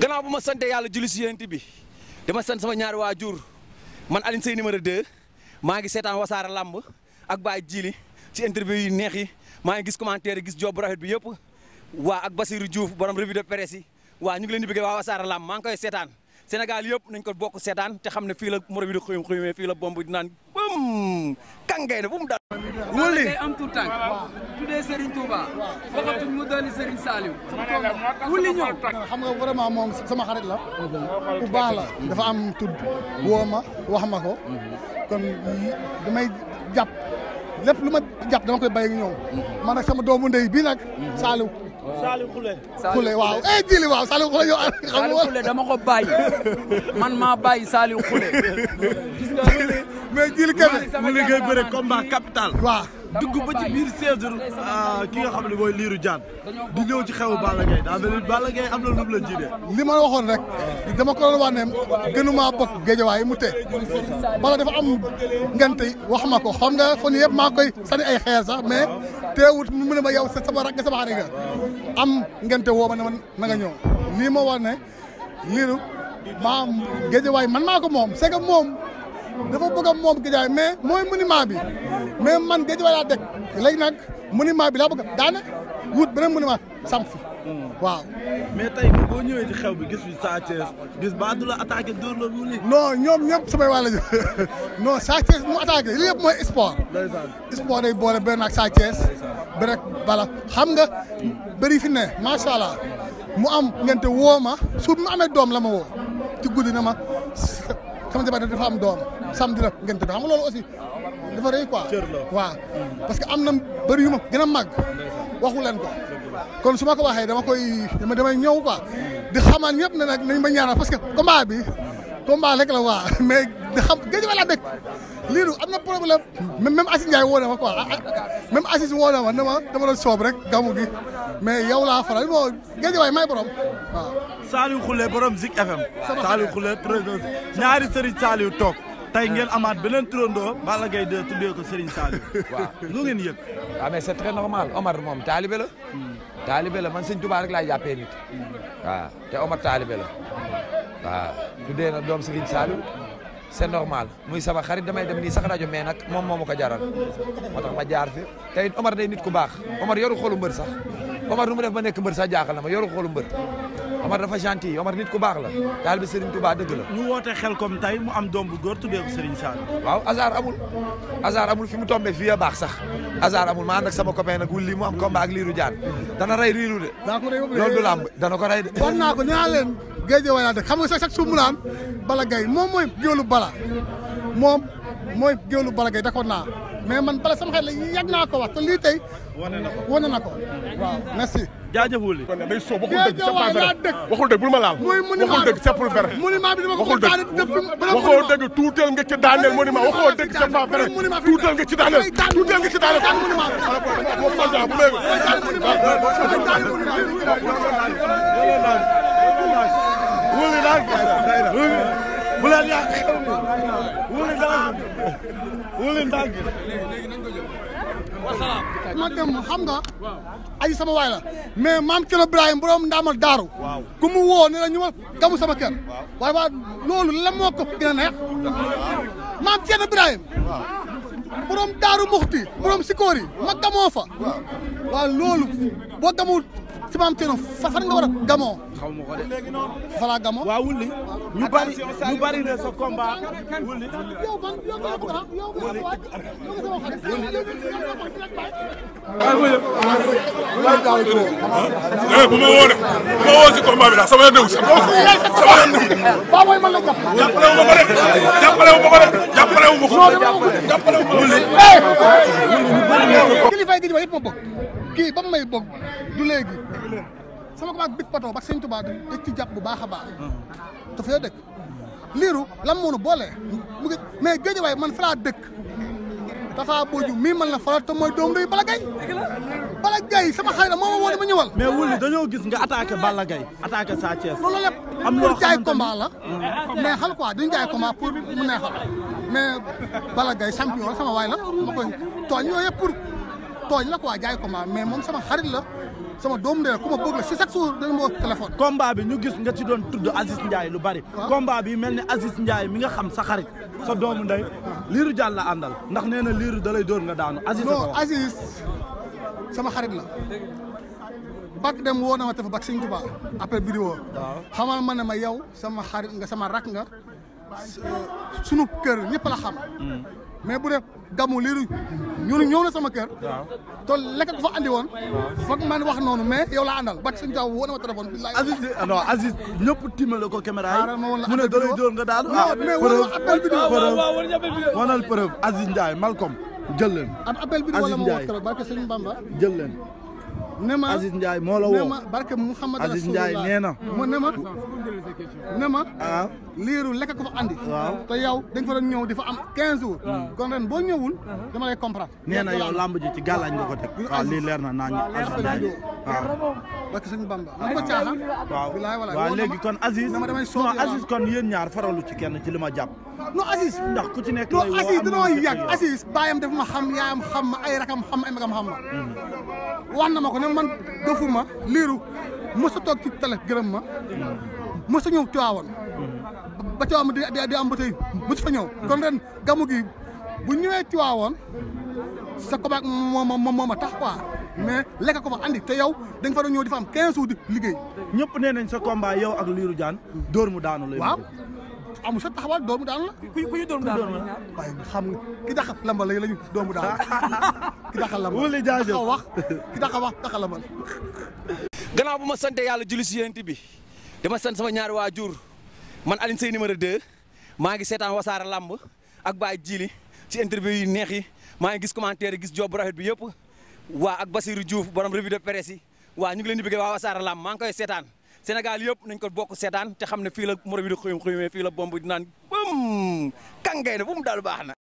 gannaaw bu ma sante yàlla julli si yéent bi dama sant sama ñaari waajur man Alioune Seye numéro 2 maa ngi seetaan wasaara làmb ak Baye Djili ci interview yi neex yi maa ngi gis commentaire yi gis job bu rafet bi yëpp waa ak Basirou Diouf borom revue de presse yi waa ñu ngi leen di bëgg waa wasaara lamb maa ngi koy seetaan Sénégal yëpp nañ ko bokk seetaan te xam ne fii la moro bi di xuyum xuyumee fii la bomb di naan bam kàngay na bu mu daal wulli am tout xam nga vraiment moom sama xarit la bu baax la dafa am tudd woo ma wax ma ko kon damay jàpp lépp lu ma jàpp dama koy bàyyi ñëw man nag sama doomu ndey bii nag Saliou Saliou Khoule. Khoule waaw eh Djili waaw Saliou Khoule yow xam nga Khoule dama ko bàyyi man maa bàyyi saali Khoule. gis nga mais Djili Kébé mu liggéey bëre combat capital. waaw dugg ba ci biir siège ah, ki nga xam ne mooy liiru Diane di ñëw ci xewu Balla Gaye daa mel ni am na lu mu la jiite. li ma la waxoon rek dama ko doon wax ne gënumaa bokk mu tee bala dafa am ngente wax ma ko xam nga fan yëpp maa koy sani ay xeer sax mais. wut mu ne ma yow sa sama rakk sama xarit nga am ngente woo ma na nga ñëw lii moo war ne liiru maam géejawaay man maa ko moom c'est que moom dafa bëgg a moom géejawaay mais mooy monument bi mais man géejawaay laa dëkk léegi nag monument bi laa bëgg daane wut beneen monument samp Mm. waaw. mais tey boo ñëwee ci xew bi gis bi Sa gis ba du la attaqué dóor la mu non ñoom ñëpp samay waa la ñu non Sa Thiès mu attaqué li yëpp mooy sport. sport day boole benn ak Sa Thiès. rek bala xam nga bëri fi ne macha allah mu am ngente woo ma su mu amee doom la ma woo ci guddi na ma sama jabar dafa am doom samedi ra ngente bi xam nga loolu aussi. dafa rëy quoi waa mm. parce que am na bëri yu ma gën a màgg waxu leen ko. kon su ma ko waxee dama koy dama damay ñëw quoi di xamaan ñëpp ne nag nañ ma ñaanal parce que combat bi combat rek la waa mais di xam géej wala dëkk lii du am na problème même Assis Ndiaye woo na ma quoi ah, ah, même Assis woo ma ne dama doon soob rek gamu gi mais yow laa faral bon géej waay may borom waaw. Saliou Khoule borom Zik FM. Saliou Khoule président ñaari Serigne Saliou toog. tey ngeen amaat beneen turandoo Balla Gaye 2 tuddee ko Serigne Saliou waaw lu ngeen yëg ah, Omar moom taalibe la hmm. taalibe la man Serigne Touba rek laa jàppee nit hmm. waaw te Omar taalibe la waaw tuddee na doom Serigne Saliou c'est normal muy sama xarit damay dem nii sax rajo mais nag moom moo ma ko jaral moo tax ma jaar fi te Omar day nit ku baax Omar yoru xolu mbër sax Omar nu mu def ma nekk mbër sax jaaxal na ma yoru xolu mbër Omar dafa gentil Omar nit ku baax la daal bi Serigne Touba dëgg la. ñu woote xel comme tey mu am doom bu góor tuddee ko Serigne Sall. waaw hasard amul fi mu tombé fii a baax sax hasard amul ma ànd ak sama copain nag wulli mu am combat ak liiru jaan dana rey riiru de. loolu du lamb dana ko rey de. wan naa ko nee naa leen géej gi wala xam nga sax sax suuf mu naan bala gay moom mooy géwlu bala moom mooy géwlu bala gay d'accord mais man bala sama xel la yàgg naa ko wax te lii tey. wane na ko waaw merci. jaajëf wuli. day soo waxul dëgg c'est pas vrai waxul dëgg bul ma laal. waxul dëgg c'est pour vrai. monument bi dama ko bëgg daaneel def waxoo dëgg tuutal nga ci daaneel monument waxoo dëgg c'est pas vrai tuutal nga ci daaneel tuutal nga ci daaneel. wuli daal bu leen yàq wala leen daal ma dem xam nga aji sama waay la mais maam Thierno Birahim borom ndaamal daaru ku woo ne la ñu gamu sama kër waaye waa loolu la moo ko gën a neex maam Thierno Birahim borom daaru muxti borom sikoori ma gamoo fa loolu boo gamu si maam Thierno fan nga war a gamoo ñu bari ñu bari ne sa combat. wuli yow man yow nga ko xam yow nga ko waaj yow nga ko xam. bu ma woo de bu ma woo si combat bi daal sama yoon newu si sama yoon newu. ba mooy man la jàpp. jàppale wu ma ko de jàppale wu ma ko de jàppale wu ma ko. jàppale wu ma ko de. kilifa yi gi ñu wax yëpp ma bokk kii ba mu may bokk du léegi. sama ko baag big pato ba sëñ Tuubaa da ci bu baax a baax dafay hmm. dëkk liiru lam moonu boolee mu ngi mais géejawaay man fa dëk dëkk dafa booju mii man la faral te mooy doom day Balla Gaye Balla Gaye sama xarit moo ma woo dama ñëwal mais wuli dañoo gis nga attaqué Balla Gaye attaqué Sa Thiès loolu lépp pour jaay combat la hmm. neexal quoi dañu jaay combat pour mu neexal mais Balla Gaye champion la sama waay la ma koy tooñ yooyu yëpp pour tooñ la quoi jaay combat mais moom sama xarit la sama doom ndey la ku ma bëgg la si chaque jour dañ ma woo téléphone. bi ñu gis nga ci doon tudd Aziz Ndiaye lu bari. combat bi mel ni Aziz Ndiaye mi nga xam sa xarit sa doomu ndey liiru jàll la àndal ndax nee na liiru da lay nga daanu. Aziz non sama xarit la. bak dem woo na ma te fa bak Sëñ Tuubaa après vidéo xamal ma ne ma yow sama xarit nga sama rak nga sunu kër ñëpp la xam. Mm. mais bu def gamu liiru ñun ñëw na sama kër. waaw te lekk ko fa andi woon. foog man wax noonu mais yow laa àndal bak suñu taw woo na ma téléphone. Aziz non Aziz ñëpp timale ko caméra yi. mu ne dalay dóor nga daal. non mais wala appel vidéo preuve wanal preuve Aziz Ndiaye Malcolm jël leen. am appel vidéo wala moo wax barke Sëñ Bamba jël leen. ne ma Aziz Ndiaye moo la woo ne ma barke Mouhamad Aziz Ndiaye nee na. mu ne ma ne ma. ah liiru lekk ko fa andi. waaw te yow dañ fa doon ñëw di fa am 15 jours. Hmm. kon ren boo ñëwul. Hmm. dama lay comprendre. nee na yow làmb ji ci gàllañ nga ko teg. waaw lii leer na naa ñu. waaw leer waaw. parce que suñu bamba na ko caaxaan. waaw waaw léegi kon Aziz. dama damay soog Aziz kon yéen ñaar faralu ci kenn ci li ma jàpp. non Aziz ndax ku ci nekk. non Aziz dina yàgg Aziz baayam daf ma xam yaayam xam ma ay rakam xam ma ay magam xam ma. Hmm. wax na ma ko ne man man liiru mos a toog ci télé gërëm ma ñëw Tiwaawan ba Tiwaawan di di am ba tey mos fa ñëw kon ren gamu gi bu ñëwee Tiwaawan sa kobaak moom moom a tax quoi mais lekk ko fa andi te yow da nga fa doon ñëw di fa am 15 jours di liggéey. ñëpp nee nañ sa combat yow ak Lirou jaan dóor mu daanu lay. waaw amul sa taxawaal doomu daan la. ku ñu doomu daan na waaye xam nga ki daxa lamba la ñu doomu daan ki daxa lamba wala jaajëf daxa wax ki daxa wax daxa lamba. gannaaw ba ma sant yàlla julli si yéent bi dama sant sama ñaari waajur man Alioune Seye numéro 2 maa ngi seetaan wasaara lamb ak Baye Djili ci interview yu neex yi maa ngi gis commentaire yi gis job bu rafet bi yëpp waa ak Basirou Diouf borom revue de presse waa ñu ngi leen di bëgg waa wasaara lamb maa ngi koy seetaan. Sénégal yëpp nañ ko bokk seetaan te xam ne fii la moro bi di xuyum xuyumee fii la bomb di naan bum kàngay na bu daal baax na